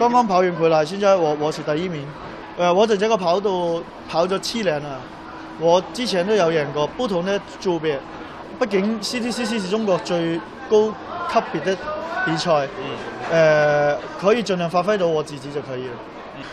剛剛跑完回來，現在我我是第一名。誒、呃，我在這個跑道跑咗七年啦，我之前都有贏過，不同的組別。畢竟 CTCC 是中國最高級別的比賽，誒、呃，可以盡量發揮到我自己就可以了。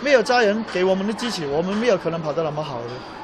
沒有家人給我們的支持，我們沒有可能跑得那麼好的。